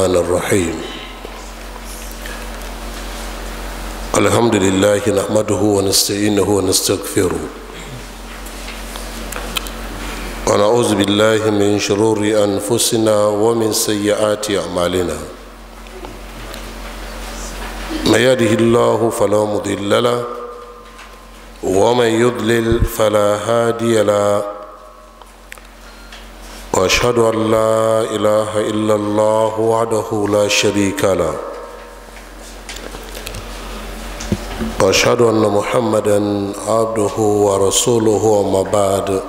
الرحمن الرحيم الحمد لله نحمده ونستعينه ونستغفره ونعوذ بالله من شرور انفسنا ومن سيئات اعمالنا من يهده الله فلا مضل له ومن يضلل فلا هادي له واشهد ان لا اله الا الله وحده لا شريك له واشهد ان محمدا عبده ورسوله وما بعد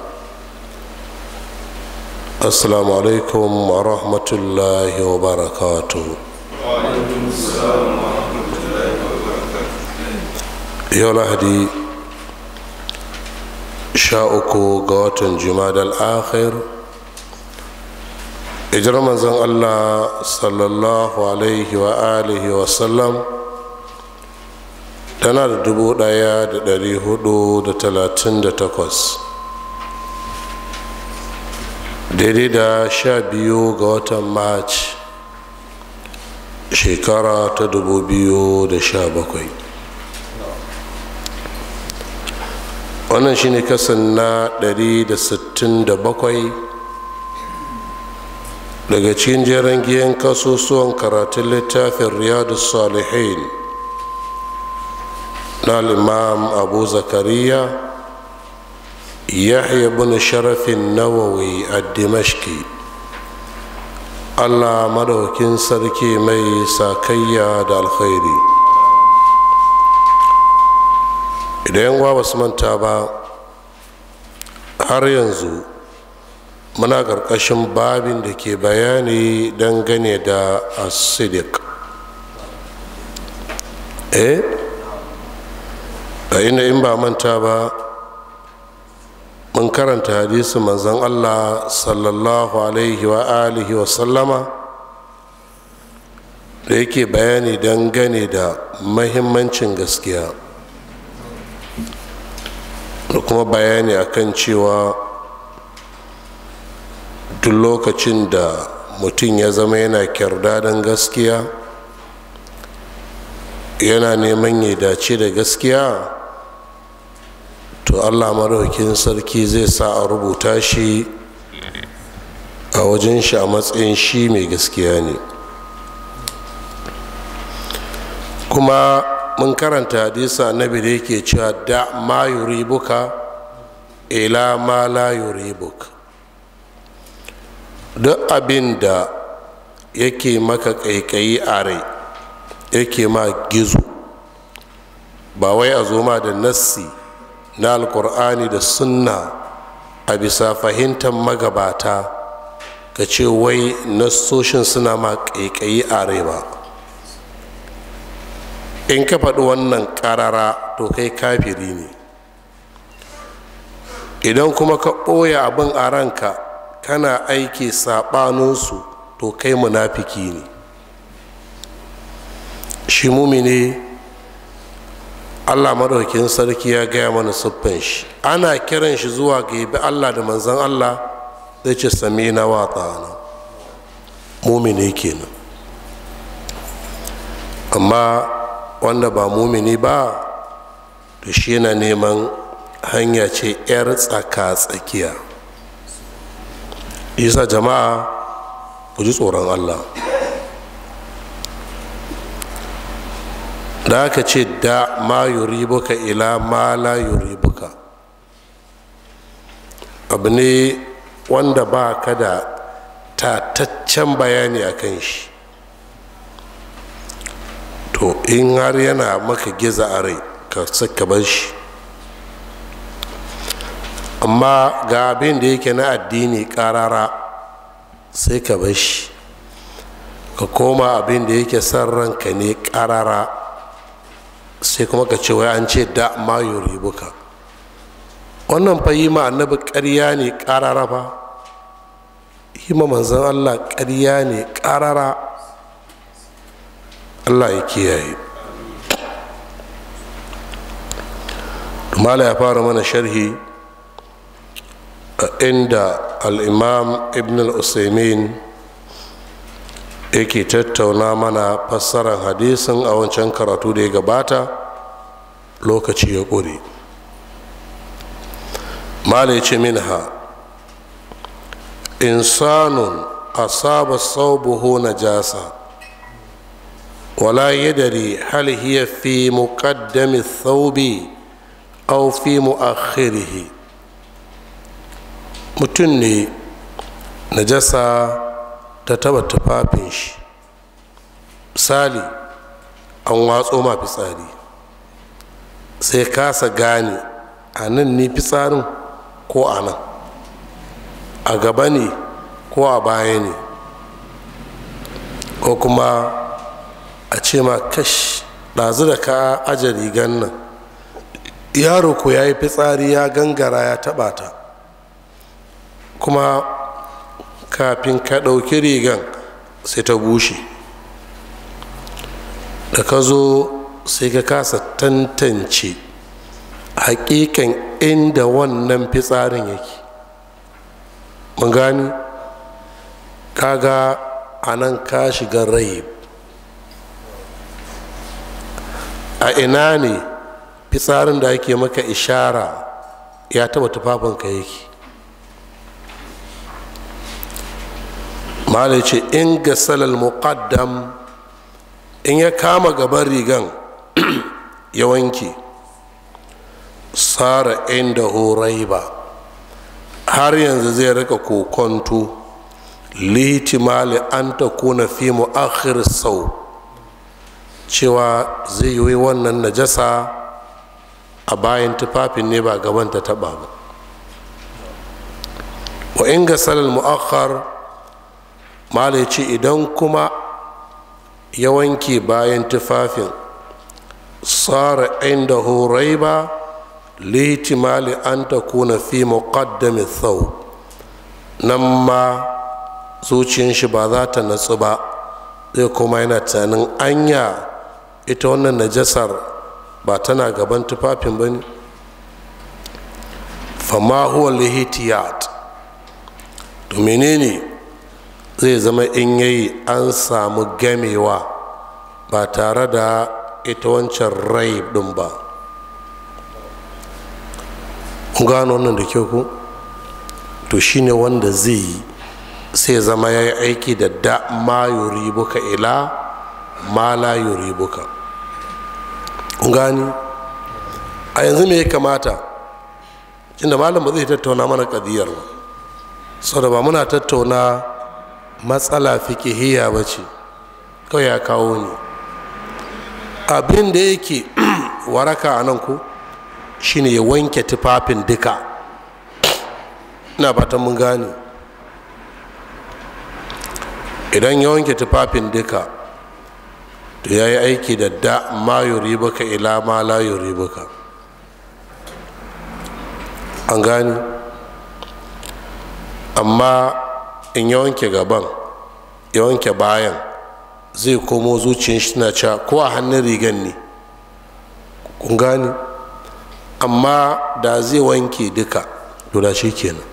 السلام عليكم ورحمه الله وبركاته وعليكم السلام ورحمه الله وبركاته يا لهدي شاءكو قوة جماد الآخر ijira manzon allah sallallahu alaihi wa alihi wa sallam tana da dubu daya da dari hudu da talatin da takwas daidai da sha biyu ga watan march shekara ta dubu biyu da sha bakwai wannan shine kasan na dari da sittin da bakwai daga cikin jeren giyan kasusuwan karatun littafin riyadu salihin na imam abu zakariya yahya bani sharafin nawawi a dimashki allah madaukin sarki mai sakayya da alkhairi idan yan ba manta ba har yanzu muna ƙarƙashin babin da ke bayani dangane da asidik eh a inda in ba manta ba mun karanta hadisi manzan allah sallallahu alaihi wa alihi wa sallama da yake bayani dangane da mahimmancin gaskiya da kuma bayani akan cewa tun lokacin da mutum ya zama yana kyardadan gaskiya yana neman ya dace da gaskiya to allah maraukin sarki zai sa a rubuta shi a wajen shi a matsayin shi mai gaskiya ne kuma mun karanta hadisa annabi da yake cewa da ma yuri buka ila ma la buka duk abin da yake maka ƙaiƙayi a rai yake ma gizo ba wai a zo ma da nassi na alkur'ani da sunna a bisa fahimtar magabata ka ce wai nassoshin suna ma ƙaiƙayi a rai ba in ka faɗi wannan ƙarara to kai kafiri ne idan kuma ka ɓoye abin a ranka kana aiki saɓaninsu to kai munafiki ne shi mumini allah maɗaukin sarki ya gaya mana siffin shi ana kiran shi zuwa ga yabi allah da manzan allah zai ce sami na wata na mumini kenan amma wanda ba mumini ba to shi na neman hanya ce 'yar tsaka tsakiya isa jama'a ku ji tsoron allah da aka ce da ma yuri buka ila ma la buka abu ne wanda ba ka da tataccen bayani a kan shi to in har yana maka giza a rai ka sakka bar shi amma ga abin da yake na addini karara sai ka bashi ka koma abin da yake san ranka ne karara sai kuma ka ce wai an ce da ma yuribuka wannan fa yi ma annabi ƙarya ne karara fa yi ma manzan allah ƙarya ne karara allah ya kiyaye mala ya fara mana sharhi inda al'imam ibn al'usaimin yake tattauna mana fassarar hadisin a wancan karatu da ya gabata lokaci ya ƙure malice minha insanun asaba saubuhu na jasa wala yadari hal hiya fi muqaddami thawbi aw fi muakhirihi mutum ne najasa ta taba tufafin shi misali an watso ma fitsari sai kasa gane a nan ne fitsarin ko a nan a gaba ne ko a baya ne ko kuma a ce ma kash ɗazu da ka aje rigan nan yaro ko ya yi fitsari ya gangara ya taɓa ta kuma kafin ka ɗauki rigan sai ta bushe da ka zo sai ka kasa tantance hakikan inda wannan fitsarin yake mun gani kaga a nan ka shiga rai a ina ne fitsarin da ake maka ishara ya taba tufafinka yake malai ce in gasalal muqaddam in ya kama gaban rigan ya wanke sara inda horai ba har yanzu zai rika kokonto litimali an ta kuna fi mu'akhir sau cewa zai yi wannan najasa a bayan tufafin ne ba gaban ta taba ba wa in gasalal mu'akhar mala ya ce idan kuma ya wanke bayan tufafin tsara inda horai ba litimali an ta kuna fi muqaddami sau nan ma zuciyar shi ba za ta natsu ba zai kuma yana tunanin anya ita wannan najasar ba tana gaban tufafin ba ne fama lihitiyat to zai zama in yayi an samu gamewa ba tare da ita wancan rai ɗin ba gano wannan da kyau ku to shine wanda zai yi sai zama ya yi aiki da da ma yuri buka ila ma la buka. gani a yanzu me ya kamata inda malam ba zai tattauna mana kadiyar ba da ba muna tattauna matsala fikihiyya ba ce kawai ya kawo ne abin da yake waraka a nan ku shine ya wanke tufafin duka ina fatan mun gane idan ya wanke tufafin duka to ya yi aiki da da ma yuri baka ila ma la yuri baka an gane amma in ya wanke gaban ya wanke bayan zai komo zuciyar shi na cewa ko a hannun rigan ne kun gane amma da zai wanke duka dola shi kenan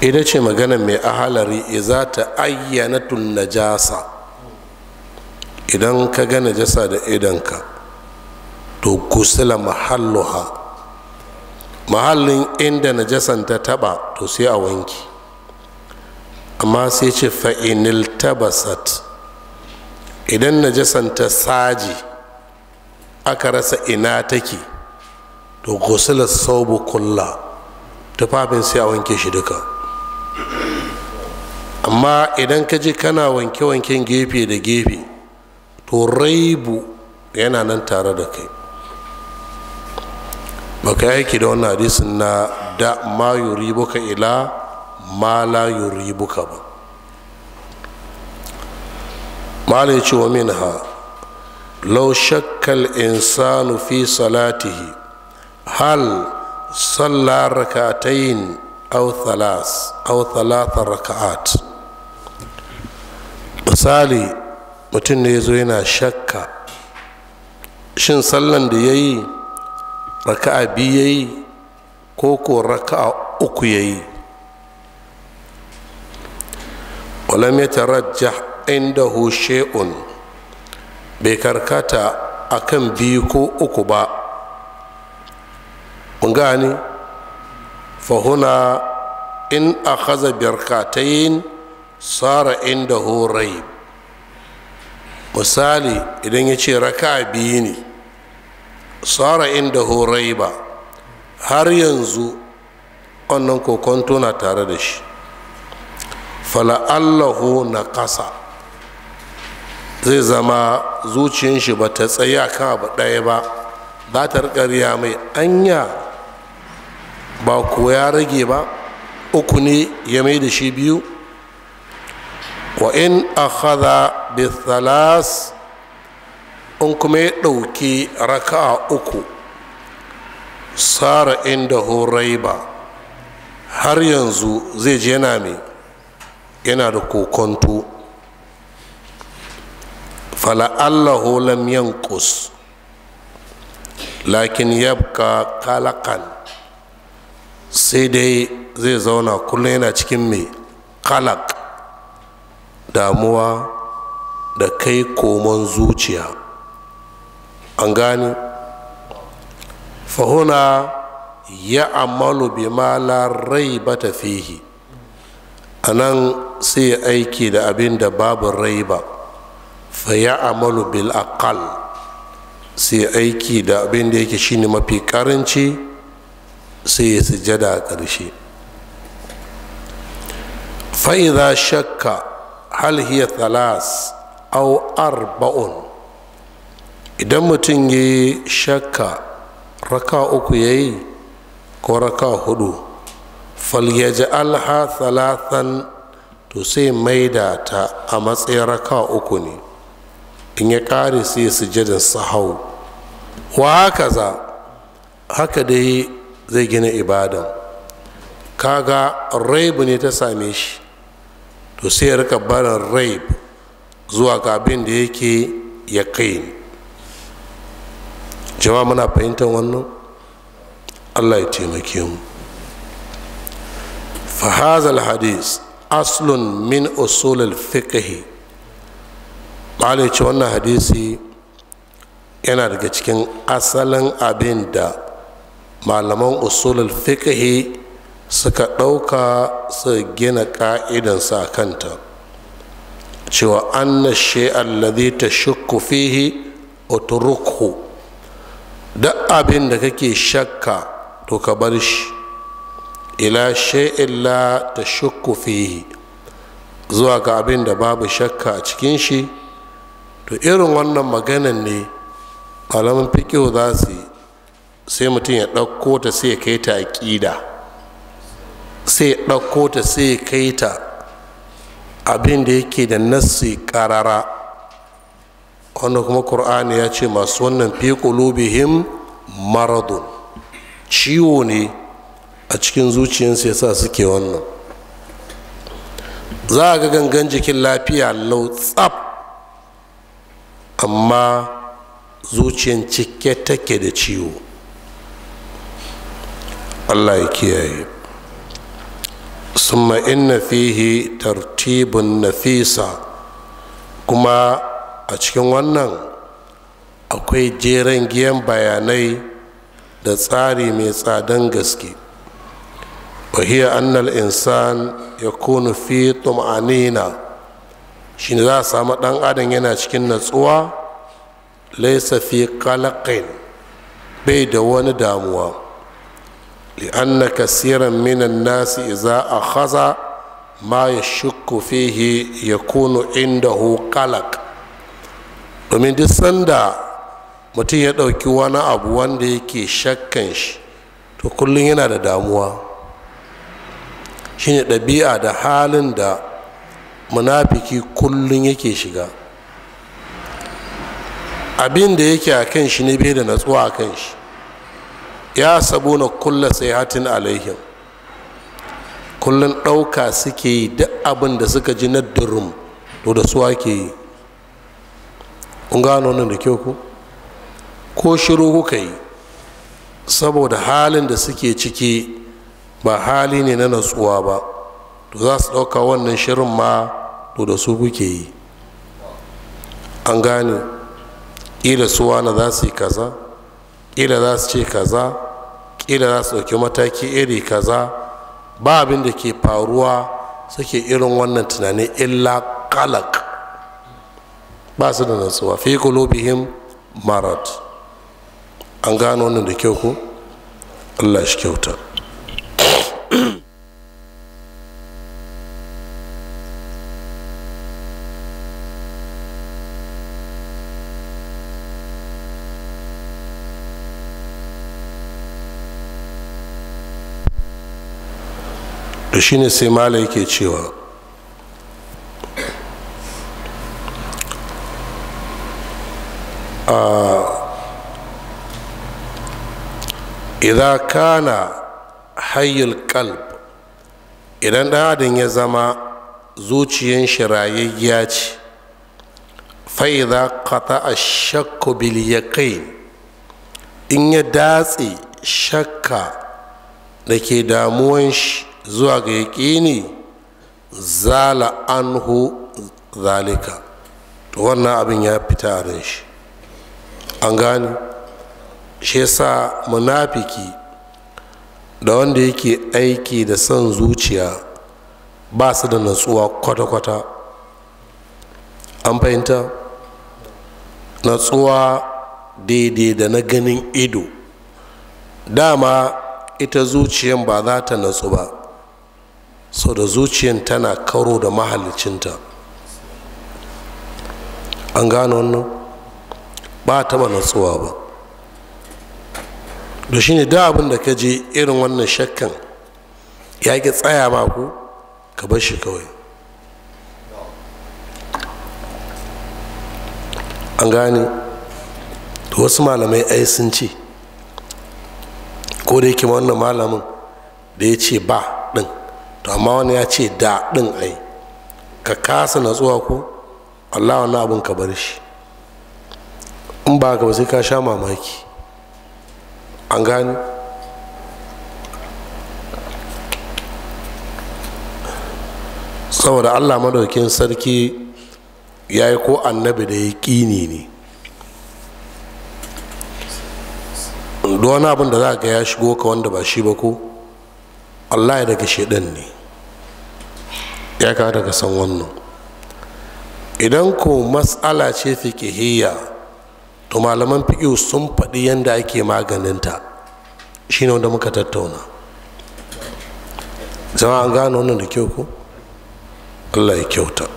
ita ce magana mai ahalari za ta ayyana tun najasa idan ka ga najasa da idanka to kusila mahalluha mahallin inda najasan ta taba to sai a wanki amma sai ce fa'inil tabasat idan najasan ta saji aka rasa ina take to gusular saubu kulla tufafin sai a wanke shi duka amma idan ka ji kana wanke-wanken gefe da gefe to raibu yana nan tare da kai baka aiki yake da wannan hadisin na da ma yuribuka ila ma la yuribuka ba malai ci wa min ha lau shakkal insanu fi salatihi hal salla rakatayin aw thalas aw thalatha rak'at misali mutum ne ya zo yana shakka shin sallan da ya yi raka'a biyu yayi ko ko raka'a uku yayi yi walam ya tarajja inda she'un bai karkata a kan biyu ko uku ba mun gani fahuna in a haza birkatayin tsara inda rai misali idan ya ce raka'a biyu ne tsara inda horai ba har yanzu wannan kokon na tare da shi fala'allahu na ƙasa zai zama zuciyar shi ba ta tsaya kan abu ɗaya ba za ta riƙarya mai anya ba ko ya rage ba uku ne ya mai da shi biyu wa in akhadha bi thalas in kuma ya ɗauki raka'a uku sara inda horai har yanzu zai je yana mai yana da kokonto fala'allahu lam yankus lakin yabka kalakan sai dai zai zauna kullum yana cikin mai kalak damuwa da kai koman zuciya an gani fahuna ya amalu bi la rai ba ta fihi a nan sai aiki da abin da babu rai ba fa ya amalu bil aqal sai aiki da abin da yake shine mafi karanci sai ya sujada a ƙarshe fa'iza shakka hal hiya thalas aw arba'un idan mutum ya yi shakka raka uku ya yi ko raka hudu falyaji alha thalathan to sai maida ta a matsayin raka uku ne in ya kare sai sujadin sahau wa haka za haka dai zai gina ibadan kaga raibu ne ta same shi to sai ya rika barin raib zuwa gabin da yake ya kai jama'a muna fahimtar wannan allah ya taimake mu fahazal hadis aslun min usulul fiqhi malai ce wannan hadisi yana daga cikin asalin abin da malaman usulul fiqhi suka ɗauka su gina ƙa'idansa a kanta cewa anna shi'a ta shukku fihi duk abin da kake shakka to ka bar shi ila shay'in la ta fihi zuwa ga abin da babu shakka a cikin shi to irin wannan maganan ne alaman fikihu za su sai mutum ya ɗauko ta sai ya kai ta aƙida sai ya ɗauko ta sai ya kai ta abin da yake da nassi ƙarara wanda kuma ƙur'ani ya ce masu wannan fi qulubihim maradu ciwo ne a cikin zuciyarsu sa suke wannan za a ga gangan jikin lafiya lau tsab amma zuciyar cike take da ciwo allah ya kiyaye summa inna fihi tartibun nafisa kuma a cikin wannan akwai jeren giyan bayanai da tsari mai tsadan gaske wahiyar annal insan ya kunu fi tum'anina shi ne za a samu ɗan adam yana cikin natsuwa laisa fi kalakain bai da wani damuwa li'anna kasiran minan nasi za a haza ma ya shukku ya kunu inda hu kalak domin duk sanda mutum ya ɗauki wani abu wanda yake shakkan shi to kullum yana da damuwa shine ɗabi'a da halin da munafiki kullum yake shiga abin da yake a kan shi ne bai da natsuwa a kan shi ya sabo na kulla sai hatin alaihim kullum ɗauka suke yi duk abin da suka ji na durum to da suwa ke yi kun gano nan da kyau ku ko shiru kuka yi saboda halin da suke ciki ba hali ne na natsuwa ba to za su ɗauka wannan shirin ma to da su kuke yi an gane ƙila su wani za su yi kaza ƙila za su ce kaza ƙila za su ɗauki mataki iri kaza ba abin da ke faruwa suke irin wannan tunanin illa kalak ba su da natsuwa fi kulubihim marat an gano wannan da kyau ku Allah shi kyauta da shi ne sai mala yake cewa idza kana hayyul kalb idan ɗan adam ya zama zuciyar shi rayayya ce ka idza a shakku bil kai in ya datse shakka da ke damuwan shi zuwa ga yaƙini zala anhu zalika to wannan abin ya fita a shi an gane shi yasa munafiki da wanda yake aiki da son zuciya ba su da natsuwa kwata-kwata an fahimta natsuwa daidai da na ganin ido dama ita zuciyan ba za ta natsu ba sau da zuciyan tana karo da mahalicinta an gano wannan ba taɓa natsuwa ba da shi ne da abin da ka je irin wannan shakkan ya ki tsaya ba ku ka bar shi kawai an gane da wasu malamai ai sun ce ko da yake wannan malamin da ya ce ba ɗin to amma wani ya ce da ɗin ai ka kasa natsuwa ko allah wani abin ka bar shi in ba ba sai ka sha mamaki an gani saboda allah madaukin sarki ya yi ko annabi da ya kini ne wani abin da za ka ya shigo ka wanda ba shi ba ko allah ya daga shaidan ne ya ka daga san wannan idan ko matsala ce fikihiyya to malaman fiƙi sun faɗi yadda ake maganinta shine wanda muka tattauna zama an gano wannan da kyau ko allah ya kyauta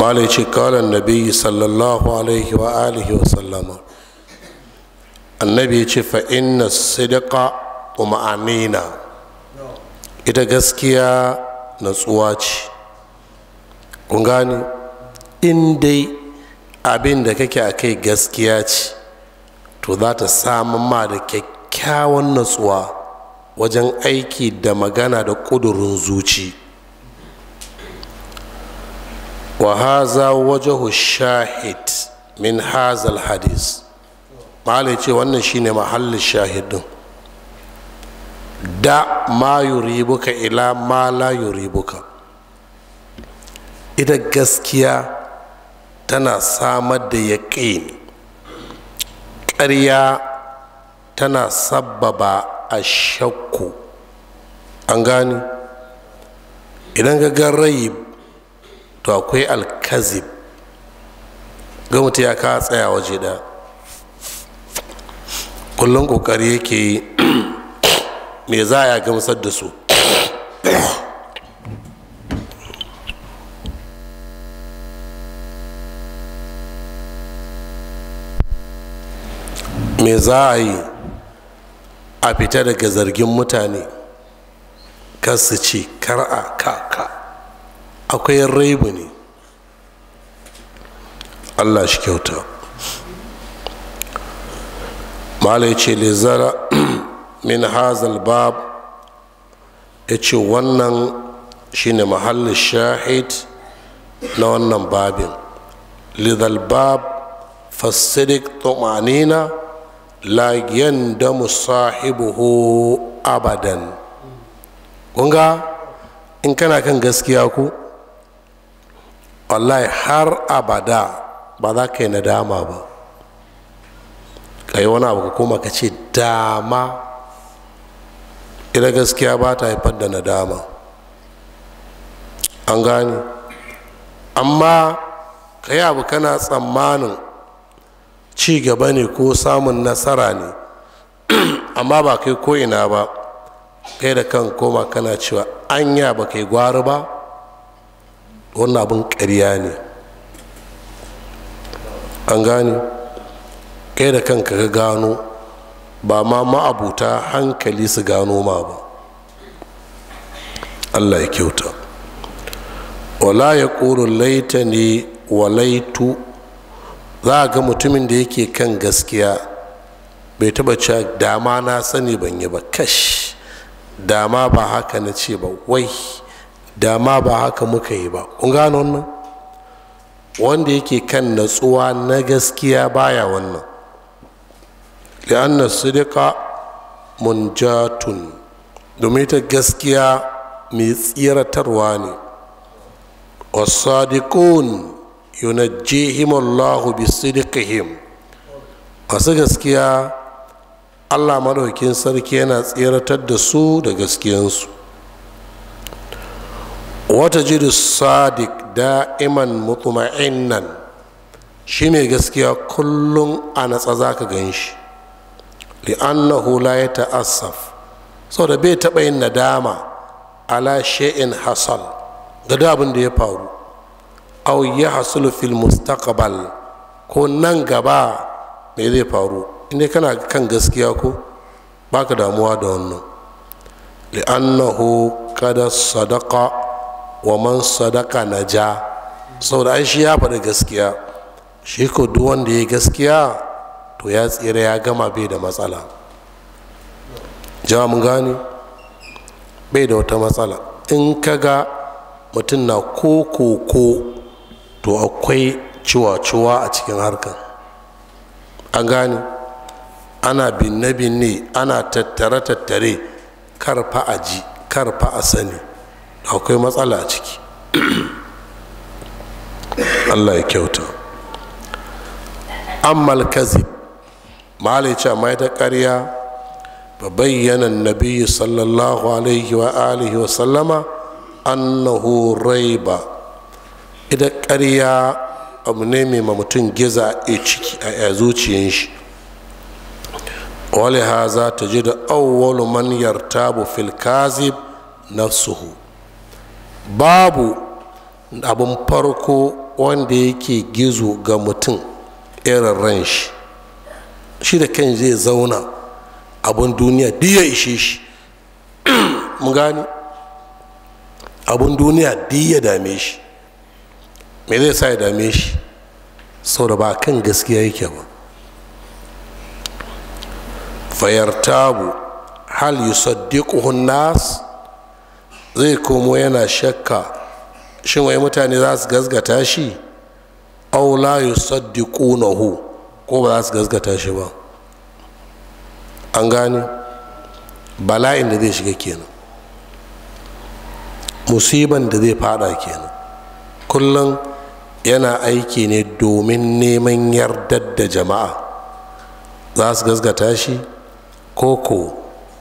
malai ce kalan nabi sallallahu alaihi wa alihi wa sallama annabi ya ce fa'inna kuma Amina. ita gaskiya natsuwa ce kun gani in dai abin da kake a kai gaskiya ce to za ta samun ma da kyakkyawan natsuwa wajen aiki da magana da ƙudurin zuci Wahaza haza wajahu shahid min hazal hadis malai ce wannan shine mahallin shahidin da ma ribuka ila ma la yuribuka ita gaskiya tana samar da yaƙini ƙarya tana sabbaba a shakku an gani idan ga rai to akwai alkazib ga ya ka tsaya waje da kullum kokari yake yi me za ya gamsar da su me za a yi a fita daga zargin mutane kar su ce kar a ka ka akwai raibu ne allah shi kyauta ya ce lezara min hazal bab ya ce wannan shine mahallin shahid na wannan babin lidal bab fasidik tumanina la musahibu sahibuhu abadan kunga in kana kan gaskiya ku wallahi har abada ba za ka yi nadama ba ka yi wani abu ka koma ka ce dama ina gaskiya ba ta haifar da nadama an gane amma ka yi abu kana tsammanin ci gaba ne ko samun nasara ne amma ba kai ko ina ba kai da kan koma kana cewa anya ba kai gwari ba wannan abin ƙarya ne an gane kai da kanka ka gano ba ma ma'abuta hankali su gano ma ba allah ya kyauta wala ya ƙoro laita ne walaitu za a ga mutumin da yake kan gaskiya bai taba cewa dama na sani ban yi ba kash dama ba haka na ce ba wai dama ba haka muka yi ba kun gano wannan wanda yake kan natsuwa na gaskiya baya wannan li'anna sidika munjatun domin ta gaskiya mai tsiratarwa ne wasadikun yunajjihim allahu bi sidikihim masu gaskiya allah madaukin sarki yana tsiratar da su da gaskiyansu wata jiru sadiq da'iman nan shi ne gaskiya kullum a natsa za ka gan shi li'annahu la ya ta'assaf da bai taɓa yin nadama ala she'in hasal da abin da ya faru au ya hasulu fil mustaqbal ko nan gaba me zai faru inda kana kan gaskiya ko baka damuwa da wannan li'annahu kada sadaka wa man sadaka na ja saboda an shi ya faɗi gaskiya shi ko duk wanda ya gaskiya to ya tsira ya gama bai da matsala jama'a mun gane bai da wata matsala in ka ga mutum na ko ko to akwai ciwa-ciwa a cikin harkar an gani ana binne-binne ana tattare-tattare karfa a ji karfa a sani akwai matsala a ciki allah ya kyauta ammal kazib malice amma ita karya ba bayyana nabi sallallahu alaihi wa alihi wa sallama annahu raiba karya abu ne mai mutum giza a ciki a zuciyan shi wale haza ta ji da awwalu man yartabu fil kazib nafsuhu babu abin farko wanda yake gizo ga mutum irin ran shi shi da kan zai zauna abin duniya duk ya ishe shi mun gani abin duniya ya dame shi me zai sa ya dame shi sau da ba kan gaskiya yake ba Fayar tabu hal yi nas nas zai komo yana shakka shin wai mutane za su gazgata shi aw la yusaddiqunahu ko ba za su gazgata shi ba an gane bala'in da zai shiga kenan musiban da zai fada kenan kullum yana aiki ne domin neman yardar da jama'a za su gazgata shi ko ko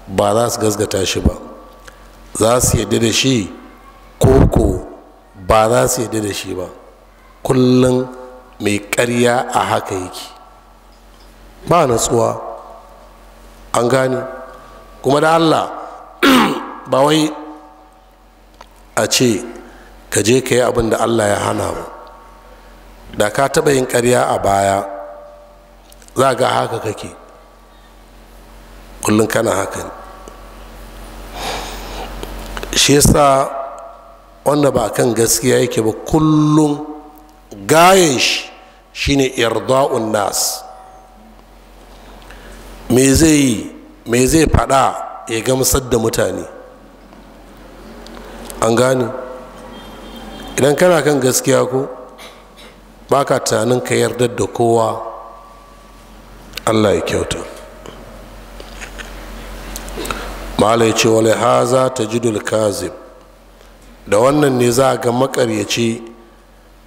ba za su gazgata shi ba za su yadda da shi ko ko ba za su yadda da shi ba kullum mai karya a haka yake ba natsuwa an gane kuma da allah ba wai a ce ka je ka yi abin da allah ya hana ba da ka taɓa yin karya a baya za ga haka kake kullum kana haka ne shi yasa wanda ba kan gaskiya yake ba kullum gayen shi shine irda'un nas me zai yi me zai fada ya gamsar da mutane an gane idan kana kan gaskiya ko baka tunanin ka yarda da kowa allah ya kyauta malai ce wale haza ta jidul kazib da wannan ne za ga makaryaci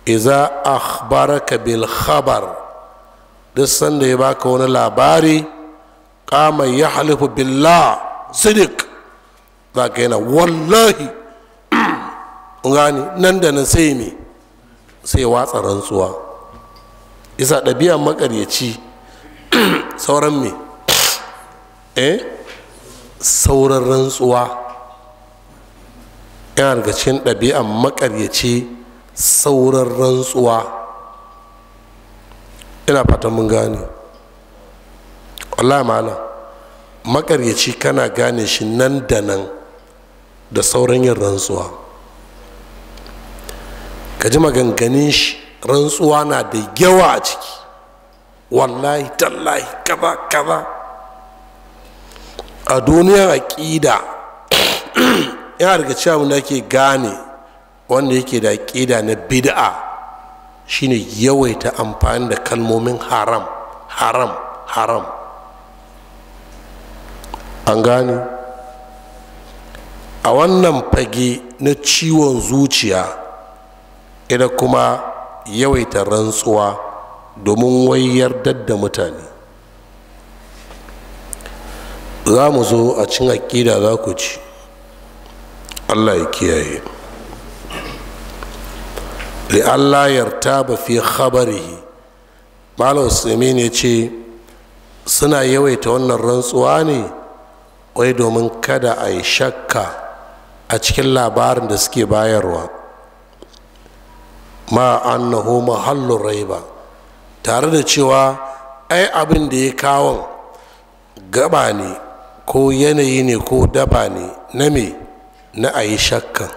iza akhbaraka bil khabar duk sanda ya baka wani labari kama ya halifu billah sidik za ka yana wallahi gani nan da nan sai me sai watsa rantsuwa isa ɗabi'an makaryaci sauran me eh sauran rantsuwa yana daga cikin ɗabi'an makaryaci sauran rantsuwa ina fatan mun gane wallahi malam makaryaci kana gane shi nan da nan da sauran yin rantsuwa ka ji maganganin shi rantsuwa na da yawa a ciki wallahi tallahi kaba kaba. a duniyar aƙida yana daga cewa da gane wanda yake da aƙida na bid'a shine yawaita amfani da kalmomin haram haram haram an gane a wannan fage na ciwon zuciya ita kuma yawaita rantsuwa domin wayar yardar da mutane za mu zo a cin aƙida za ku ci allah ya kiyaye li'allah yarta ba fi khabari malam Saminu ya ce suna yawaita wannan rantsuwa ne wai domin kada a yi shakka a cikin labarin da suke bayarwa ma annahu mahallun raiba tare da cewa ai abin da ya kawon gaba ne ko yanayi ne ko daba ne na me na a yi shakkan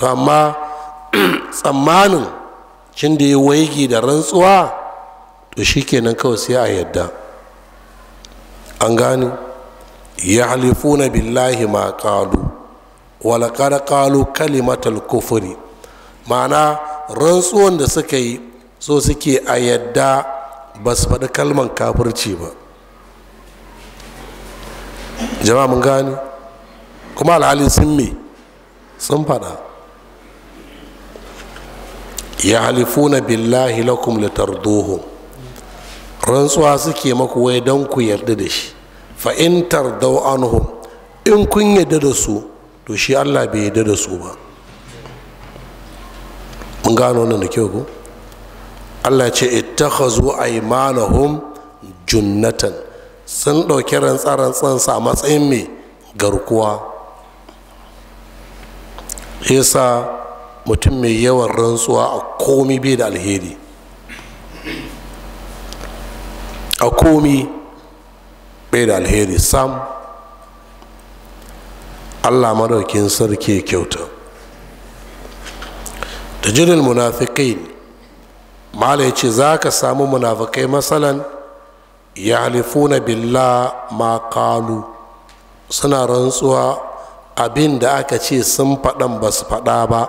to amma tsammanin cin da ya waigi da rantsuwa to shi kenan kawai sai a yadda an gane ya halifuna billahi ma kalu walakar kalu kalimatal kufuri ma'ana rantsuwan da suka yi so suke a yadda ba su faɗi kalman kafirci ba jama'a mun gane kuma alhali sun me sun fada ya halifuna billahi lakum litarduhum rantsuwa suke maku wai don ku yarda da shi fa in tardau anhum in kun yarda da su to shi Allah bai yarda da su ba mun gano wannan da kyau ko Allah ce ittakhazu aymanahum junnatan sun ɗauki rantsa-rantsansa a matsayin mai garkuwa yasa mutum mai yawan rantsuwa a komi bai da alheri a komi bai da alheri sam allah maraukin sarki kyauta da jinin munafikai ma'ala ya ce za ka samu munafikai matsalan na billah ma kalu suna rantsuwa abin da aka ce sun faɗan ba su faɗa ba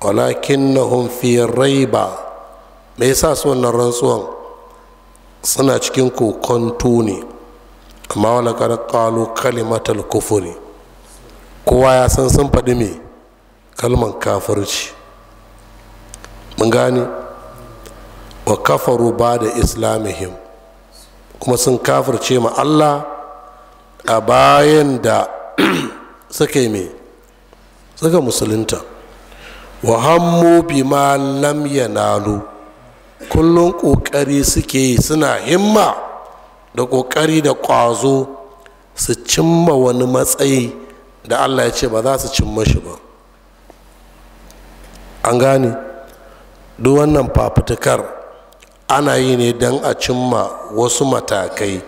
walakin walakinnahum rai ba me yasa su wannan rantsuwan suna cikin kokonto ne amma wani ƙalu kalimatal kufuri kowa ya san sun faɗi me kalman kafirci mun gane wa kafaru ba da islamihim kuma sun kafirce ma allah a bayan da suka yi mai suka musulunta wa hammu lamya lam yanalu kullum ƙoƙari suke yi suna himma da ƙoƙari da ƙwazo su cimma wani matsayi da allah ya ce ba za su cimma shi ba an gane duk wannan fafutukar ana yi ne don a cimma wasu matakai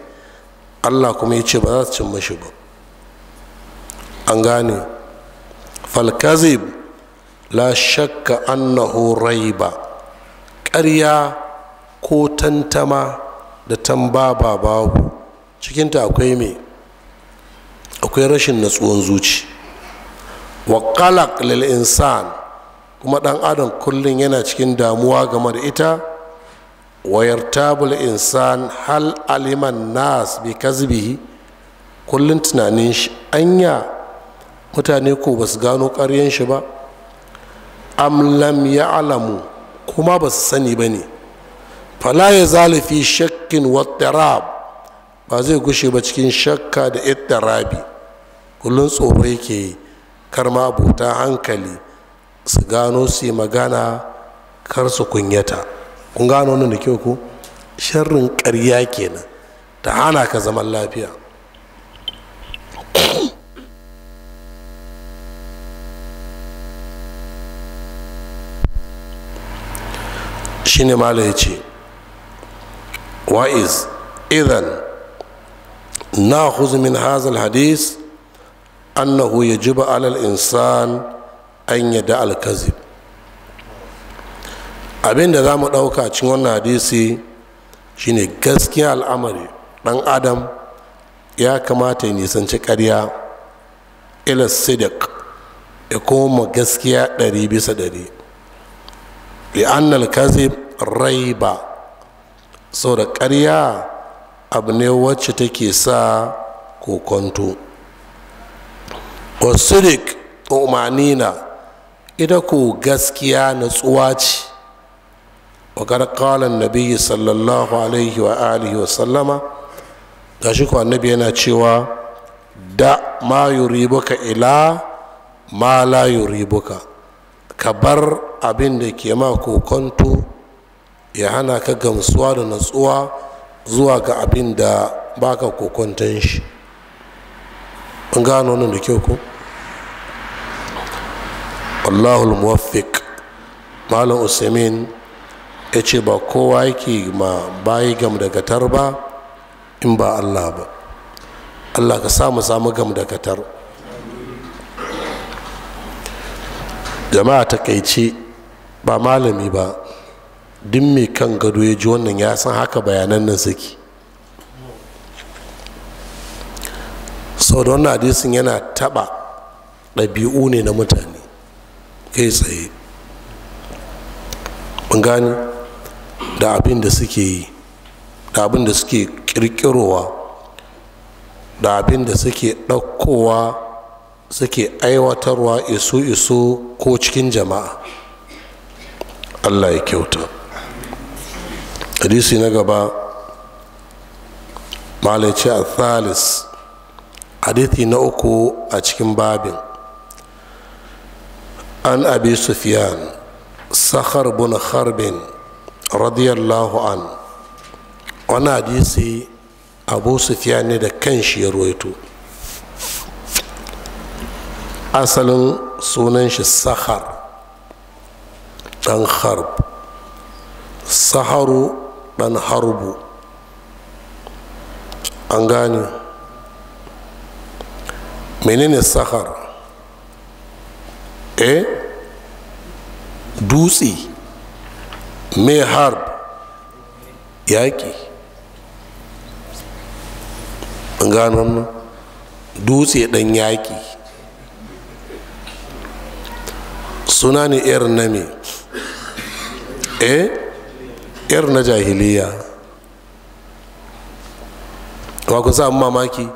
allah kuma ya ce ba za su cimma shi ba an gane falkazib la shakka annahu raiba ƙarya ko tantama da tambaba babu cikinta akwai mai akwai rashin natsuwan zuci wa qalaq lil insan kuma ɗan adam kullum yana cikin damuwa game da ita wayar tabul insan hal aliman nas bi kazbihi kullum tunanin shi anya mutane ko ba su gano ƙaryen shi ba am lam ya alamu kuma ba su sani ba ne fala ya zalifi shakkin wattarab ba zai gushe ba cikin shakka da ittarabi kullum tsoro yake yi karma abota hankali su gano su yi magana kar su kunyata kun gano nan da kyau ko sharrin ƙarya kenan ta hana ka zaman lafiya Shin mala ya ce wa'iz idan na min hazal hadis annahu yajibu alal insan an yada al abin da za mu ɗauka cin wannan hadisi shine gaskiya al'amari ɗan adam ya kamata ya nisanci ƙarya ila sidik ya koma gaskiya ɗari bisa ɗari li'annal kazib raiba sau da ƙarya abu ne wacce take sa kokonto wasirik umanina ita ko gaskiya natsuwa ce وقد قال النبي صلى الله عليه وآله وسلم gashi ko yana cewa da ma yuribuka ila ma la yuribuka ka bar abin da ke ma kokonto ya hana ka gamsuwa da natsuwa zuwa ga abin da baka kokonton shi an gano nan da kyau ko wallahul muwaffiq malam usaimin ya ce ba kowa yake ma bayi gam da gatar ba in ba allah ba allah ka samu samu gam da gatar jama'a ta kaici ba malami ba duk mai kan gado ya ji wannan ya san haka bayanan nan suke sau da wannan hadisin yana taba ɗabi'u ne na mutane kai tsaye gani da abin da suke yi da abin da suke kirkirowa da abin da suke ɗaukowa suke aiwatarwa iso-iso ko cikin jama'a allah ya kyauta hadisi na gaba malaci a thalis hadithi na uku a cikin babin an abi sufiyan sakhar bin harbin radiyallahu an wani hadisi abu sufiya ne da kan shi ya ruwaito asalin sunan shi sahar dan harb saharu dan harbu an gane menene sahar eh dutse mai harb yaƙi an dutse ɗan yaƙi suna ne 'yar na me eh 'yar na jahiliya amma ku samu mamaki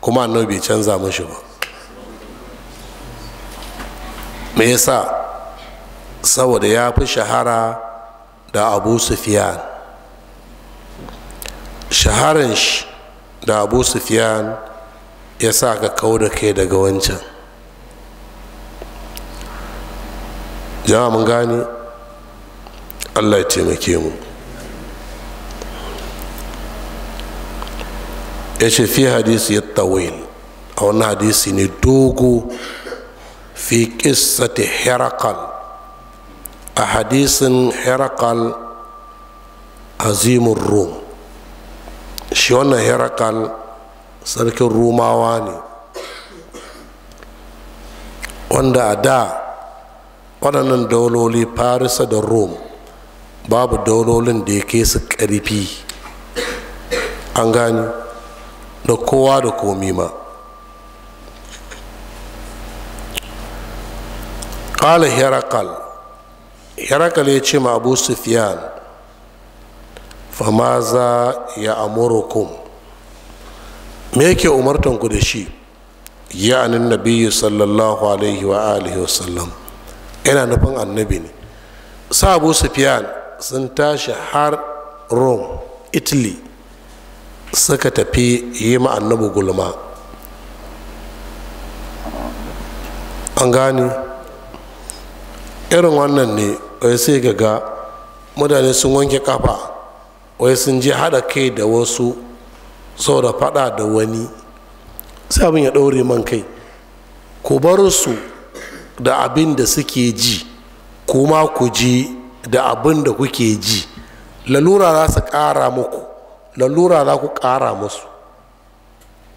kuma annabi bai canza mashi ba me yasa saboda ya fi shahara da abu sufiyan shaharan shi da abu sufiyan ya sa ka kau da kai daga wancan jama'a mun gane allah ya taimake mu ya ce fi hadisi ya tawil a wani hadisi ne dogo fi ta herakal a hadisin herakal azimin rum shi wannan herakal sarkin rumawa ne wanda a da waɗannan dauloli farisa da rom babu daulolin da ya ke su ƙarfi an gani da kowa da komi ma ƙala herakal yarakale ya ce ma abu sufiyan famaza ya amurukum me yake umartanku da shi ya anin nabiyyu sallallahu alaihi wa alihi wasallam yana nufin annabi ne sa abu sufiyan sun tashi har rome italy suka tafi yi ma annabi gulma an gane irin wannan ne wai sai gaga mutane sun wanke kafa wai sun je haɗa kai da wasu sau da faɗa da wani sai abin ya ɗaure man kai ku bar su da abin da suke ji kuma ku ji da abin da kuke ji lalura za su ƙara muku lalura za ku ƙara musu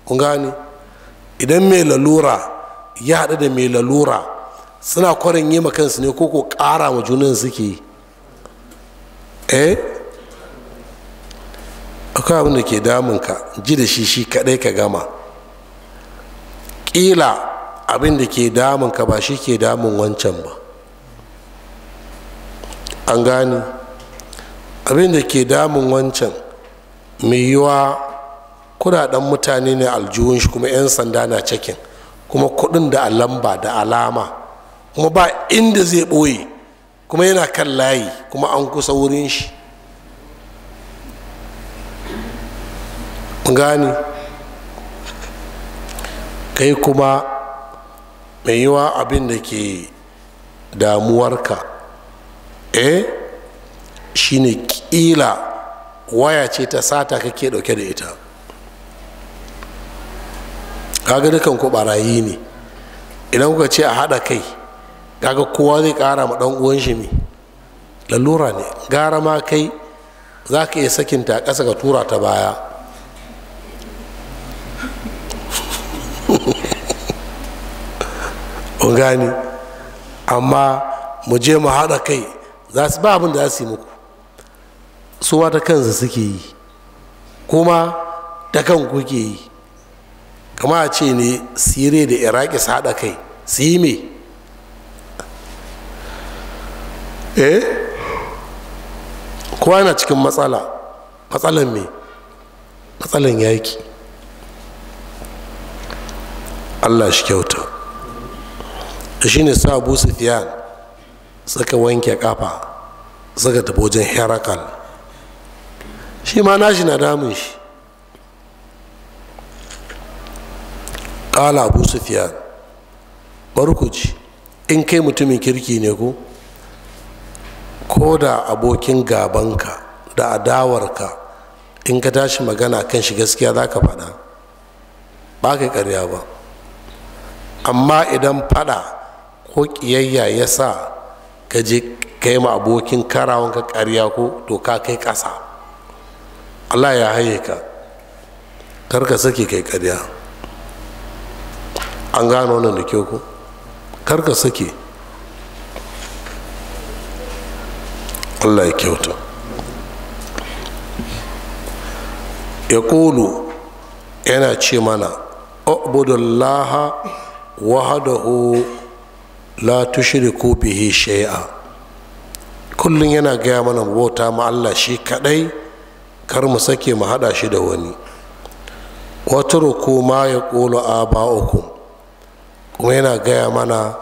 kun gane idan mai lalura ya haɗu da mai lalura suna kwarin yi kansu ne ko ko ƙara ma junan suke yi eh akwai abin da ke damun ka ji da shi shi kaɗai ka gama ƙila abin da ke damun ka ba shi ke damun wancan ba an gani abin da ke damun wancan mai yiwa kudaden mutane ne aljihun shi kuma 'yan sanda na cikin kuma kudin da alamba da alama kuma ba inda zai ɓoye kuma yana kan layi kuma an kusa wurin shi gani kai kuma mai yiwa abin da ke damuwarka eh shine kila waya ce ta sata kake dauke da ita kaga dukan ku barayi ne idan kuka ce a hada kai kaga kowa zai kara ma dan uwan shi me lalura ne gara ma kai za ka iya sakinta a ƙasa ka tura ta baya gani amma mu je mu haɗa kai za su ba abin da za su yi muku suwa ta kansu suke yi kuma ta kan kuke yi kama ce ne sire da iraki su haɗa kai su yi me eh kowa yana cikin matsala matsalan me matsalan yaki allah shi kyauta shi ne sa abu sufiyan suka wanke kafa suka tafi wajen herakal shi ma nashi na damun shi Kala abu sufiyan barkuci in kai mutumin kirki ne ko ko da abokin gabanka da adawarka in ka tashi magana kan shi gaskiya za ka faɗa ba ka karya ba amma idan faɗa ko ƙiyayya ya sa ka je kai ma abokin karawanka karya ko to ka kai ƙasa allah ya haye ka karka sake kai karya an gano wannan da kyau ko karka sake allah ya kyauta ya kulu yana ce mana ubudullaha wahadahu la tushriku bihi shay'a kullum yana gaya mana bauta ma Allah shi kadai kar mu sake mu hada shi da wani watruku ma yaqulu aba'ukum kuma yana gaya mana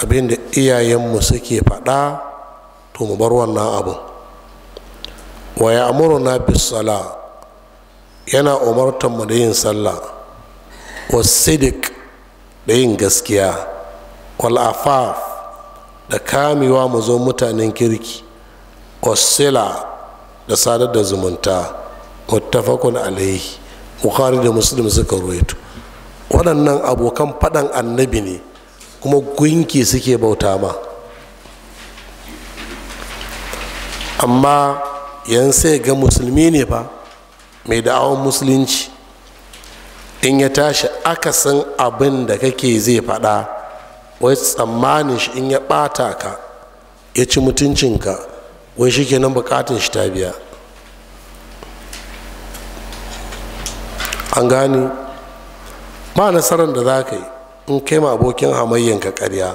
abinda iyayenmu suke faɗa to mu bar wannan abu wa ya na bis sala yana umartar mu da yin sallah wa sidik da yin gaskiya wal afaf da kamewa mu zo mutanen kirki wa sila da sadar da zumunta muttafaqun alaihi bukhari da muslim suka ruwaito waɗannan abokan faɗan annabi ne kuma gunki suke bauta ma amma yan sai ga musulmi ne fa mai da'awon musulunci in ya tashi aka san abin da kake zai faɗa wai tsammanin shi in ya bata ka ya ci mutuncinka wai shi kenan bukatun shi ta biya an gani ba nasarar da za ka yi in kai ma abokin hamayyanka karya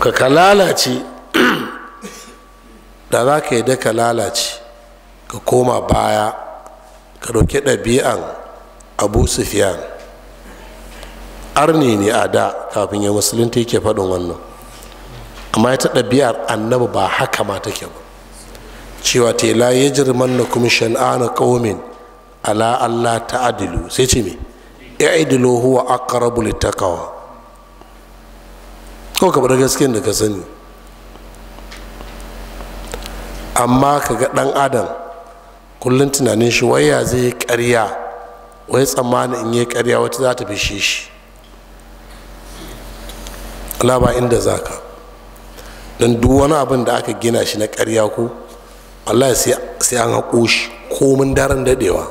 ka lalace. da za ka yi daka lalace ka koma baya ka ɗauki ɗabi'an abu sufiyan arni ne a da kafin ya musulunta yake faɗin wannan amma ita ɗabi'ar annabi ba haka ma take ba cewa tela la ya jirman na kuma shan'ana ƙaumin ala allah adilu sai ce me ya idilo huwa aqrabu littaqwa ko ka bar gaskiyar da ka sani amma ka ga ɗan adam kullum tunanin shi waya zai yi karya wai tsammanin in yi karya wata za ta bishe shi ba inda za ka don duk wani abin da aka gina shi na karya ko allah sai an haƙo shi komin daren daɗewa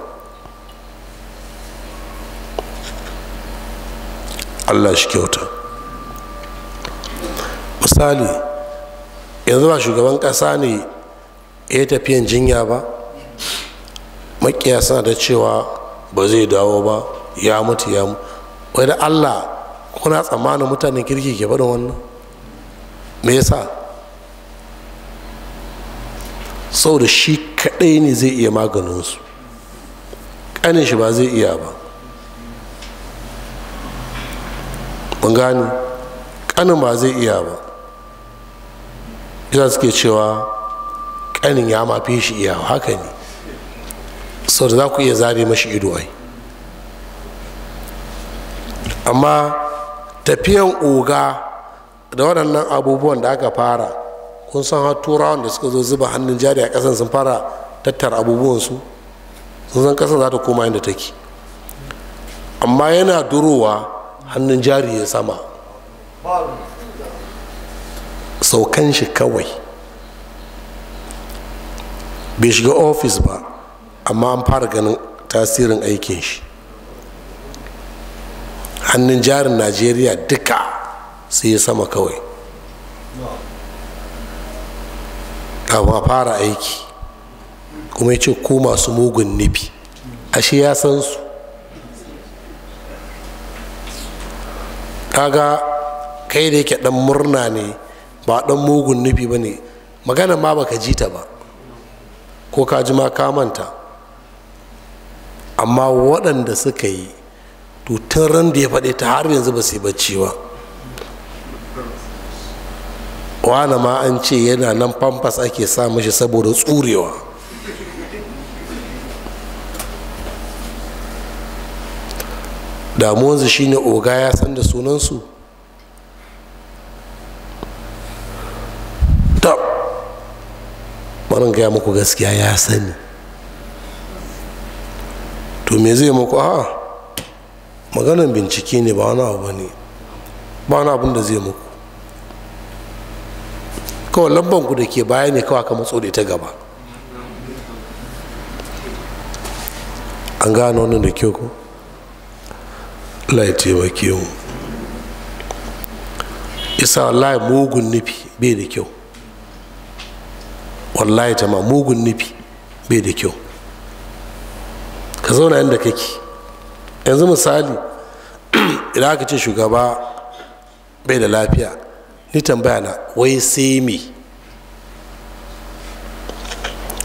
allah shi kyauta misali yanzu ba shugaban ƙasa ne ya eh, tafiyan jinya ba makiya suna da cewa ba zai dawo ba ya mutu ya mutu wai da allah kuna tsammanin mutanen kirki ke bada wannan me yasa sau da shi kaɗai ne zai iya maganinsu ƙanin shi ba zai iya ba mun gani ƙanin ba zai iya ba yasa suke cewa kanin ya ma fi shi iya haka ne sau da za ku iya zare mashi ido ai amma tafiyan oga da waɗannan abubuwan da aka fara kun san har turawan da suka zo zuba hannun jari a ƙasan sun fara tattara abubuwansu sun san ƙasan za ta koma yadda take amma yana durowa hannun jari ya sama saukan shi kawai bai shiga ofis ba amma an fara ganin tasirin aikin shi hannun jarin najeriya duka su yi sama kawai kafin a fara aiki kuma ya ce ko masu mugun nufi ashe ya san su kaga kai da yake dan murna ne ba dan mugun nufi ba ne magana ma baka ji ta ba ko ka ji ma ka manta amma waɗanda suka yi to tun ran da ya faɗi ta har yanzu ba su yi ba wane ma an ce yana nan famfas ake sa mashi saboda tsurewa damuwansu shine oga ya san da sunansu gaya muku gaskiya ya sani to me zai muku a maganan bincike ne ba wani abu ba ne ba wani abin da zai muku kawai lambanku da ke baya ne kawai ka matso da ita gaba an gano wani da kyau ku laite wa kewu isa wallahi mugun nufi bai da kyau wallahi ma mugun nufi bai da kyau ka zauna yadda kake yanzu misali idan aka ce shugaba bai da lafiya ni tambaya na wai sai me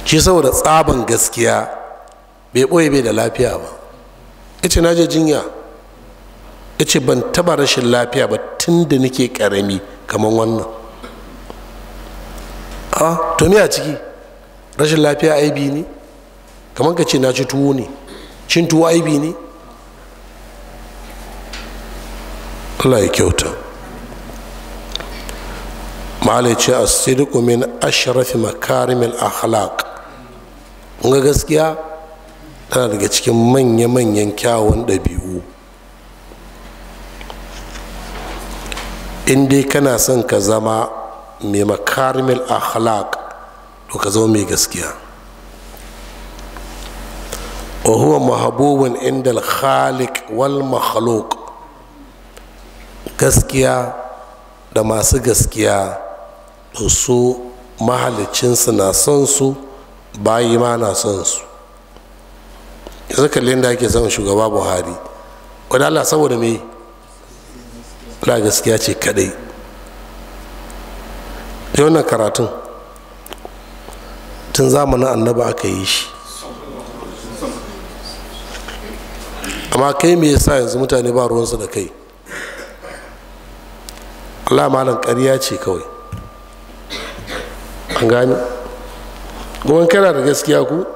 shi saboda tsaban gaskiya bai ɓoye bai da lafiya ba ice na je jinya ice ban taba rashin lafiya ba tun da nake ƙarami kamar wannan a to me a ciki rashin lafiya aibi ne kamar ka ce na ci tuwo ne cin tuwo aibi ne allah ya kyauta ce a sidiku min asharafi makarimil akhlaq ga gaskiya tana daga cikin manya-manyan kyawun ɗabi'u in dai kana son ka zama mai makarimil akhlaq to ka zama mai gaskiya wa huwa mahabubun inda al-khaliq wal makhluq gaskiya da masu gaskiya to su mahalicinsu na son su bayi ma na son su yanzu kallon da ake son shugaba buhari wadda allah saboda mai na gaskiya ce kadai yau wannan karatun tun zamanin annaba aka yi shi amma kai me yasa yanzu mutane ba ruwansu da kai Allah malam ƙarya ce kawai an gani gwan kana da gaskiya ku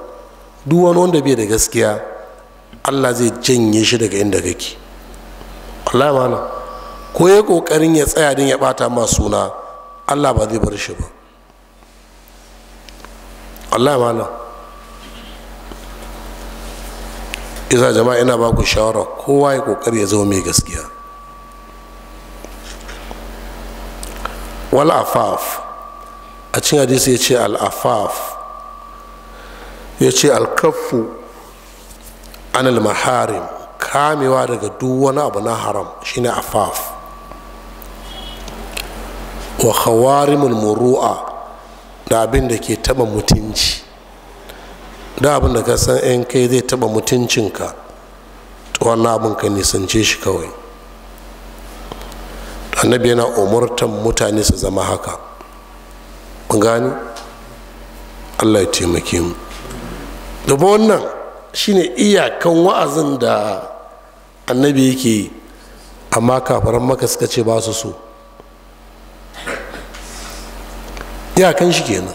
duk wani wanda bai da gaskiya Allah zai janye shi daga inda kake Allah malam ko ya kokarin ya tsaya din ya bata ma suna allah ba zai bar shi ba allah malam isa jama'a ina ba shawara kowa ya kokari ya zama mai gaskiya wal afaf a cikin hadisi ya ce al afaf ya ce alkafu al maharim kamewa daga duk wani abu na haram shine afaf wa khawarimul muru'a da abin da ke taba mutunci da abin da ka san yan kai zai taba mutuncinka to wannan abin ka nisance shi kawai annabi yana umurtan mutane su zama haka gani allah ya taimake mu dubu wannan shine iyakan wa'azin da annabi yake amma kafaran maka suka ce ba su so iyakan shi kenan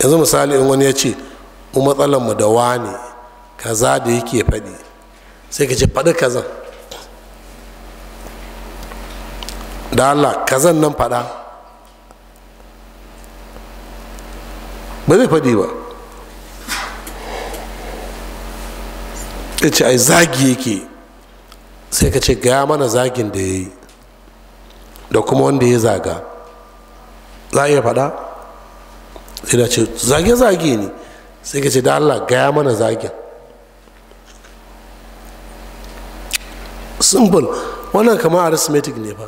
yanzu misali in wani ya ce mu matsalar mu da wani kaza da yake faɗi sai ka ce faɗi kazan da Allah kazan nan faɗa ba zai faɗi ba ya ce ai zagi yake sai ka ce gaya mana zagin da ya yi da kuma wanda ya zaga za a iya faɗa sai da ce zage-zage ne sai ka ce da allah gaya mana zagen simple wannan kamar arithmetic ne ba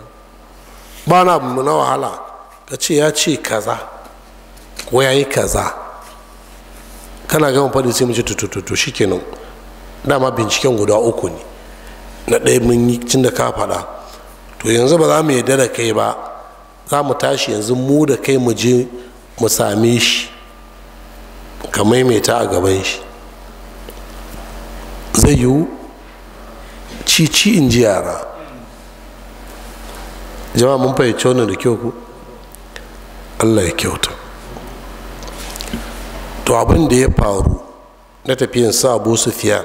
ba na abu na wahala ka ce ya ce kaza ko ya yi kaza kana gama faɗi sai mu tututu shi kenan dama binciken guda uku ne na ɗaya mun yi cin da ka faɗa to yanzu ba za mu yarda da kai ba za mu tashi yanzu mu da kai mu je mu same shi ka maimaita a gaban shi zai yiwu cici in ji yara jama'a mun fahimci wannan da kyau ku allah ya kyauta to abin da ya faru na tafiyan sa abu sufiyan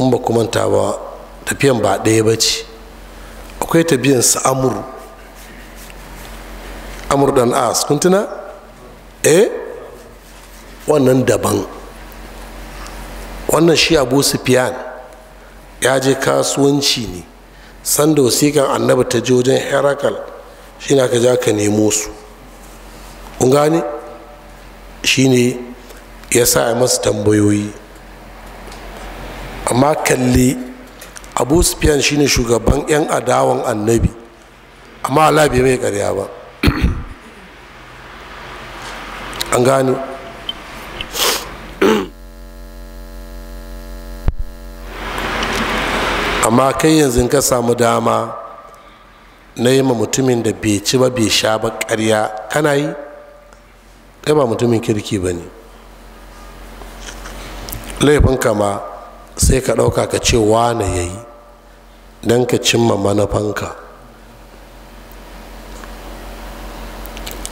in ba kuma ta ba tafiyan ba ɗaya ba ce akwai tafiyan sa amuru amur dan as kun eh wannan daban wannan shi abu sufiyan ya je kasuwanci ne sanda wasikan annabi ta je wajen herakal shi ne aka ja ka nemo su kun gane shi ne ya sa a masu tambayoyi amma kalli abu sufiyan shi ne shugaban 'yan adawan annabi amma ala bai mai karya ba an gane amma kai yanzu ka samu dama na yi ma mutumin da bai ci ba bai sha ba karya kana yi kai ba mutumin kirki ba ne laifin kama sai ka ɗauka ka ce wane ya yi don ka cimma manufanka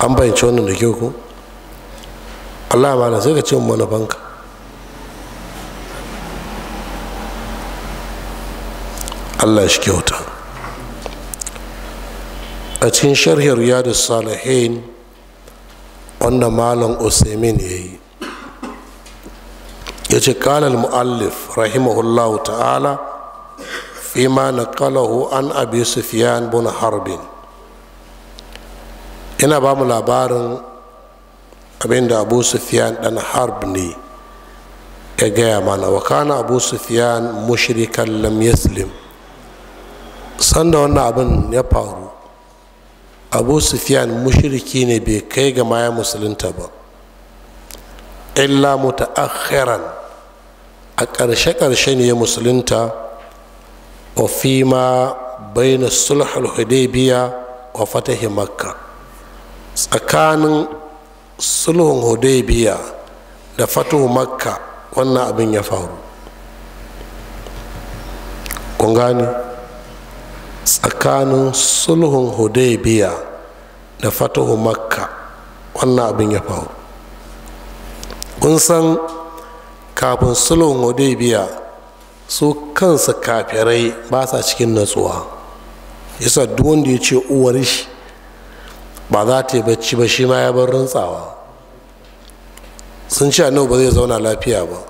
an bayyance wannan da kyau ko Allah ba sai ka ce manufanka Allah shi kyauta a cikin sharhiyar yadda salihin wanda malam usaimin ya yi ya ce kalal mu'allif rahimahullahu ta'ala fima na kalahu an abi sufiyan bun harbin ina ba mu labarin abinda da abu sufyan dan harb ne ya gaya mana wa kana abu sufyan mushrikan lam yaslim sanda wannan abin ya faru abu sufyan mushriki ne bai kai ga maya musulunta ba illa mutaakhiran a ƙarshe-ƙarshe ne ya musulunta wa fima baina sulhul hudaybiya wa fatahi makka tsakanin sulhun hudaybiya da fatuhu makka wannan abin ya faru kun gane tsakanin sulhun hudaybiya da fatuhu makka wannan abin ya faru kun san kafin sulhun hudaybiya su kansa kafirai ba sa cikin natsuwa yasa duk wanda ya ce uwar shi ba za ta yi bacci ba shi ma ya bar rantsawa sun ce annabi ba zai zauna lafiya ba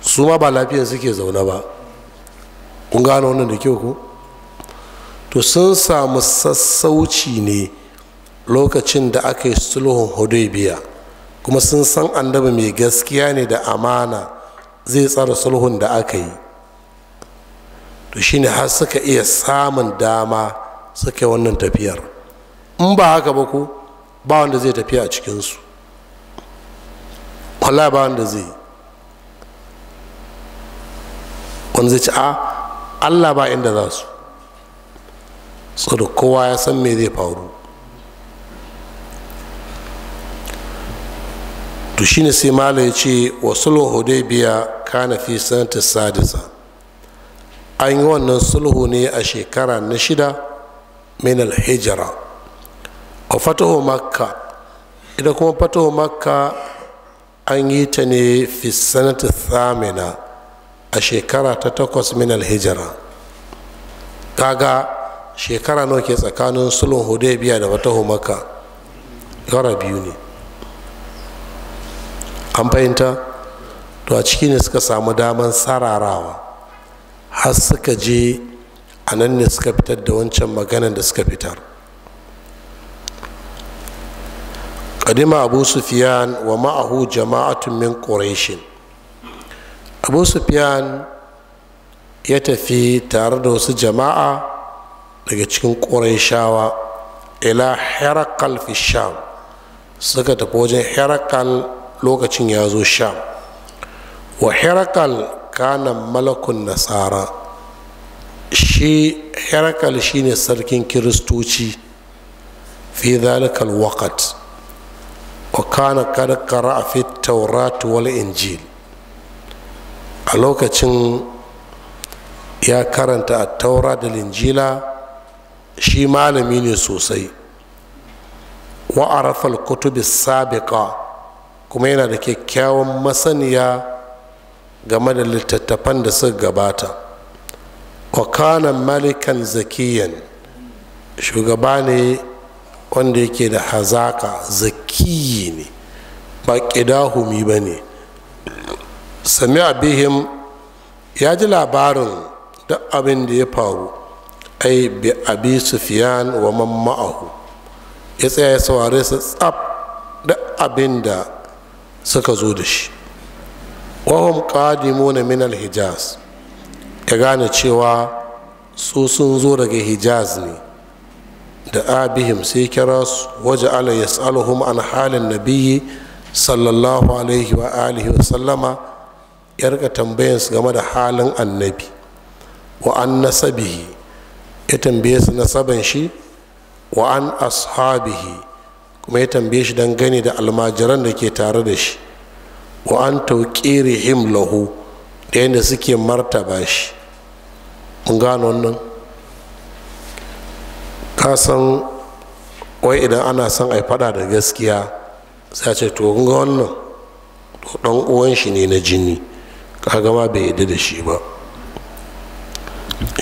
su ma ba lafiya suke zaune ba kun gano wannan da kyau ko to sun samu sassauci ne lokacin da aka yi sulhun hudaybiya kuma sun san annabi mai gaskiya ne da amana zai tsara sulhun da aka yi to shine har suka iya samun dama suka yi wannan tafiyar in ba haka ba ku ba wanda zai tafiya a cikinsu wallahi ba wanda zai wanda zai ci a ah, allah ba inda za su saboda kowa ya san me zai faru to ne sai mala ya ce wa sulhu hudaybiya kana fi sanata sadisa an yi wannan sulhu ne a shekara na shida min al-hijra a fatahu makka ita kuma fatahu makka an yi ta ne fi thamina a shekara ta takwas min alhijira kaga shekara nawa ke tsakanin sulhun hudaybiya da fatahu makka yara biyu ne an fahimta to a ciki ne suka samu daman tsararawa har suka je a nan ne suka fitar da wancan maganan da suka fitar kadima abu sufiyan wa ma'ahu jama'atun min ƙureshin abu sufiyan ya tafi tare da wasu jama'a daga cikin ƙureshawa ila herakal fi suka tafi wajen herakal lokacin ya zo sham wa herakal kana malakun nasara shi shine sarkin kiristoci fi zalikal wakat wakana kada kara a fi tauratu wal injil a lokacin ya karanta a taura da linjila shi malami ne sosai wa arafal kutubi sabiqa kuma yana da kyakkyawan masaniya game da littattafan da suka gabata wakana malikan zakiyan shugaba ne wanda yake da hazaka zakiyi ne ba ƙidahumi ba ne sami abihim ya ji labarin duk abin da ya faru ai bi abi sufiyan wa man ya tsaya ya saurare su tsab duk abin da suka zo da shi wahum qadimuna min al-hijaz ya gane cewa su sun zo daga hijaz ne da abihim sai kira su waje ala yas'aluhum an halin nabiyyi sallallahu alaihi wa alihi wa sallama ya rika tambayin su game da halin annabi wa an nasabihi ya tambaye su nasaban shi wa an ashabihi kuma ya tambaye shi don gani da almajiran da ke tare da shi wa an tauƙirihim lahu da yadda suke martaba shi mun gano wannan san wai idan ana son a fada da gaskiya sai ce to ga wannan to dan uwan shi ne na jini kaga ma bai yadda da shi ba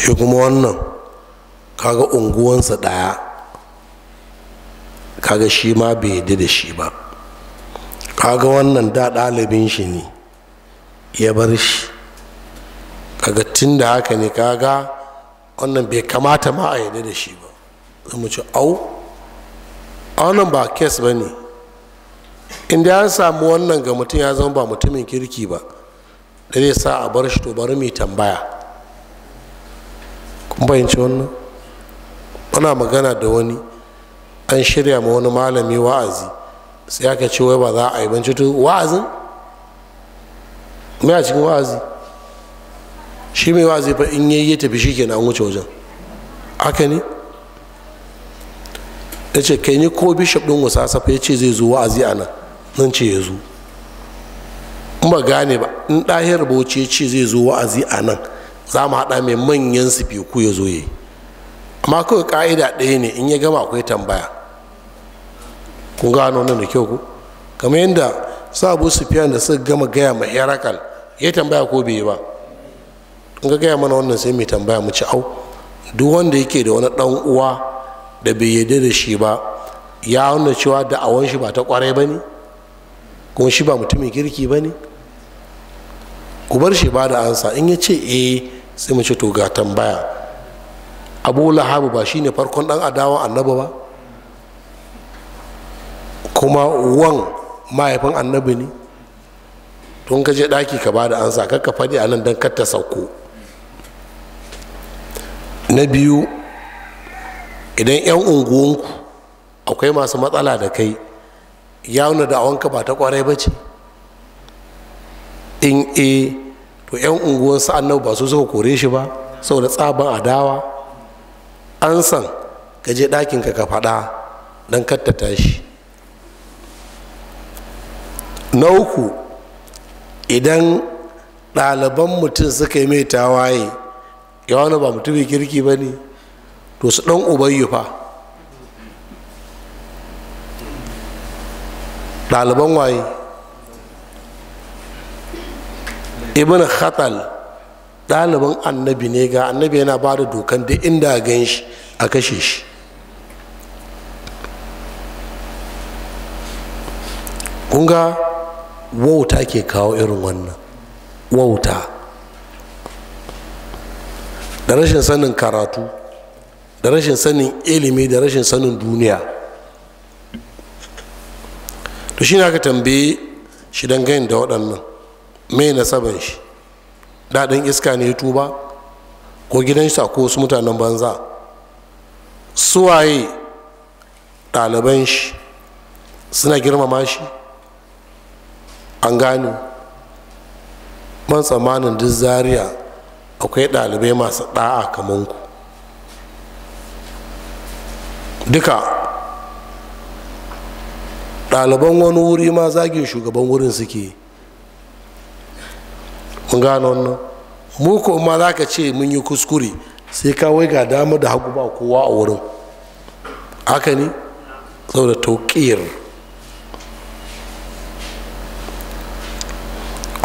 shi kuma wannan kaga unguwansa daya kaga shi ma bai yadda da shi ba kaga wannan da ɗalibin shi ne ya bar shi kaga tun da haka ne kaga wannan bai kamata ma a yadda da shi ba za ce au a wannan ba kes ba ne inda ya samu wannan ga mutum ya zama ba mutumin kirki ba da zai sa a bar shi to bari mai tambaya kun ci wannan muna magana da wani an shirya ma wani malami wa'azi sai aka ce wai ba za a yi banci to wa'azin mai a cikin wa'azi shi mai wa'azi fa in yayi ya tafi shi kenan an wuce wajen haka ne ya ce kai yi ko bishop ɗin wasasafa ya ce zai zo wa'azi a nan nan ce ya zo in ba gane ba in ɗahiyar bauchi ya ce zai zo wa'azi a nan za mu haɗa mai manyan sifiku ya zo ya yi amma kawai ƙa'ida ɗaya ne in ya gama akwai tambaya kun gano nan da kyau ku kamar yadda sabu sufiyan da suka gama gaya ma herakal ya tambaya ko bai yi ba in ga gaya mana wannan sai mai tambaya mu ci au duk wanda yake da wani ɗan uwa da bai yarda da shi ba ya nuna cewa da awon shi ba ta kwarai ba ne kuma shi ba mutumin kirki ba ne ku bar shi ba da ansa in ya ce e sai mu ce to ga tambaya abu lahabu ba shine farkon dan adawa annabi ba kuma wan mahaifin annabi ne tun ka je ɗaki ka ba da ansa kakka faɗi a nan don ta sauko na biyu idan 'yan unguwanku akwai masu matsala da kai ya nuna da awonka ba ta kwarai ba ce in e to 'yan unguwan sa'annan ba su suka kore shi ba saboda tsaban adawa an san kaje je ɗakinka ka faɗa don kattata shi na uku idan ɗaliban mutum suka yi mai tawaye ya wani ba mutumin kirki ba ne to su ɗan ubayyu fa ɗaliban waye ibn khatal ɗaliban annabi ne ga annabi yana ba da dokan da inda gan a kashe shi kunga wauta ke kawo irin wannan wauta da rashin sanin karatu da rashin sanin ilimi da rashin sanin duniya to shi aka tambaye shi dangane da waɗannan mai nasaban shi daɗin iska ne ya tuba ko gidan shi ko wasu mutanen banza suwaye ɗaliban shi suna girmama shi an gano man tsammanin duk zaria akwai ɗalibai masu ɗa'a kamar ku duka ɗaliban wani wuri ma zagin shugaban wurin suke mun gano wannan mu ko ma za ka ce mun yi kuskure sai wai ga dama da hagu ba kowa a wurin haka ne saboda tauƙiyar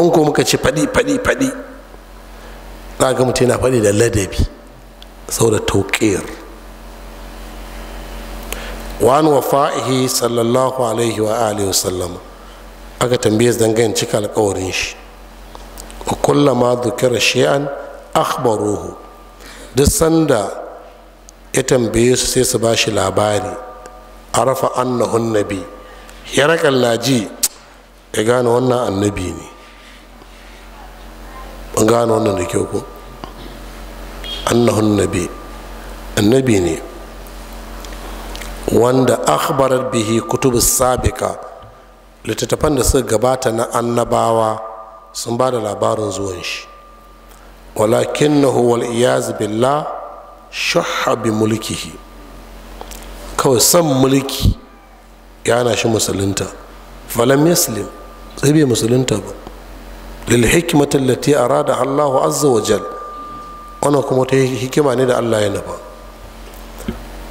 in ko muka ce faɗi faɗi faɗi za ga mutum yana faɗi da ladabi saboda tauƙiyar wa fa'ihi wafa'ihi sallallahu alaihi wa alihi wasallam aka tambaye su cika alkawarin shi wa ma dukira shi'an akhbaruhu duk sanda ya tambaye su sai su ba shi labari a arafa annahun nabi ya laji ya gane wannan annabi ne ban gane wannan da kyau ko annahun nabi annabi ne wanda akhbarat bihi kutubus sabika littattafan da suka gabata na annabawa sun ba da labarin zuwan shi walakinnahu wal iyaz billah shahha bi mulkihi kawai son mulki yana shi musulunta falam yaslim sai bai musulunta ba lil hikmati a rada Allahu azza wa jal wannan kuma ta hikima ne da Allah ya nufa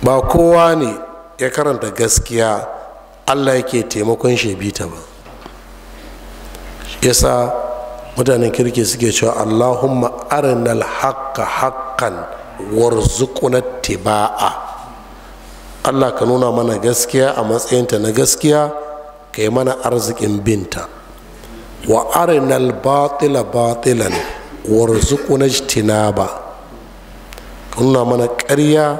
ba kowa ne ya karanta gaskiya allah yake taimakon shi bi ta ba yasa mutanen kirki suke cewa allahumma arinal haqqa haqqan warzuqna tiba'a allah ka nuna mana gaskiya a matsayinta na gaskiya ka yi mana arzikin binta wa arinal batila batilan warzuqna tinaba ka nuna mana ƙarya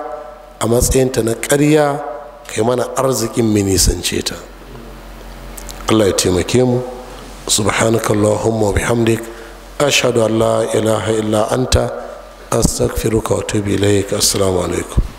a matsayinta na ƙarya kai mana arzikin mu nisance ta allah ya taimake mu subhanaka allahumma wa bihamdik ashhadu an la ilaha illa anta astaghfiruka wa atubu ilaik assalamu alaikum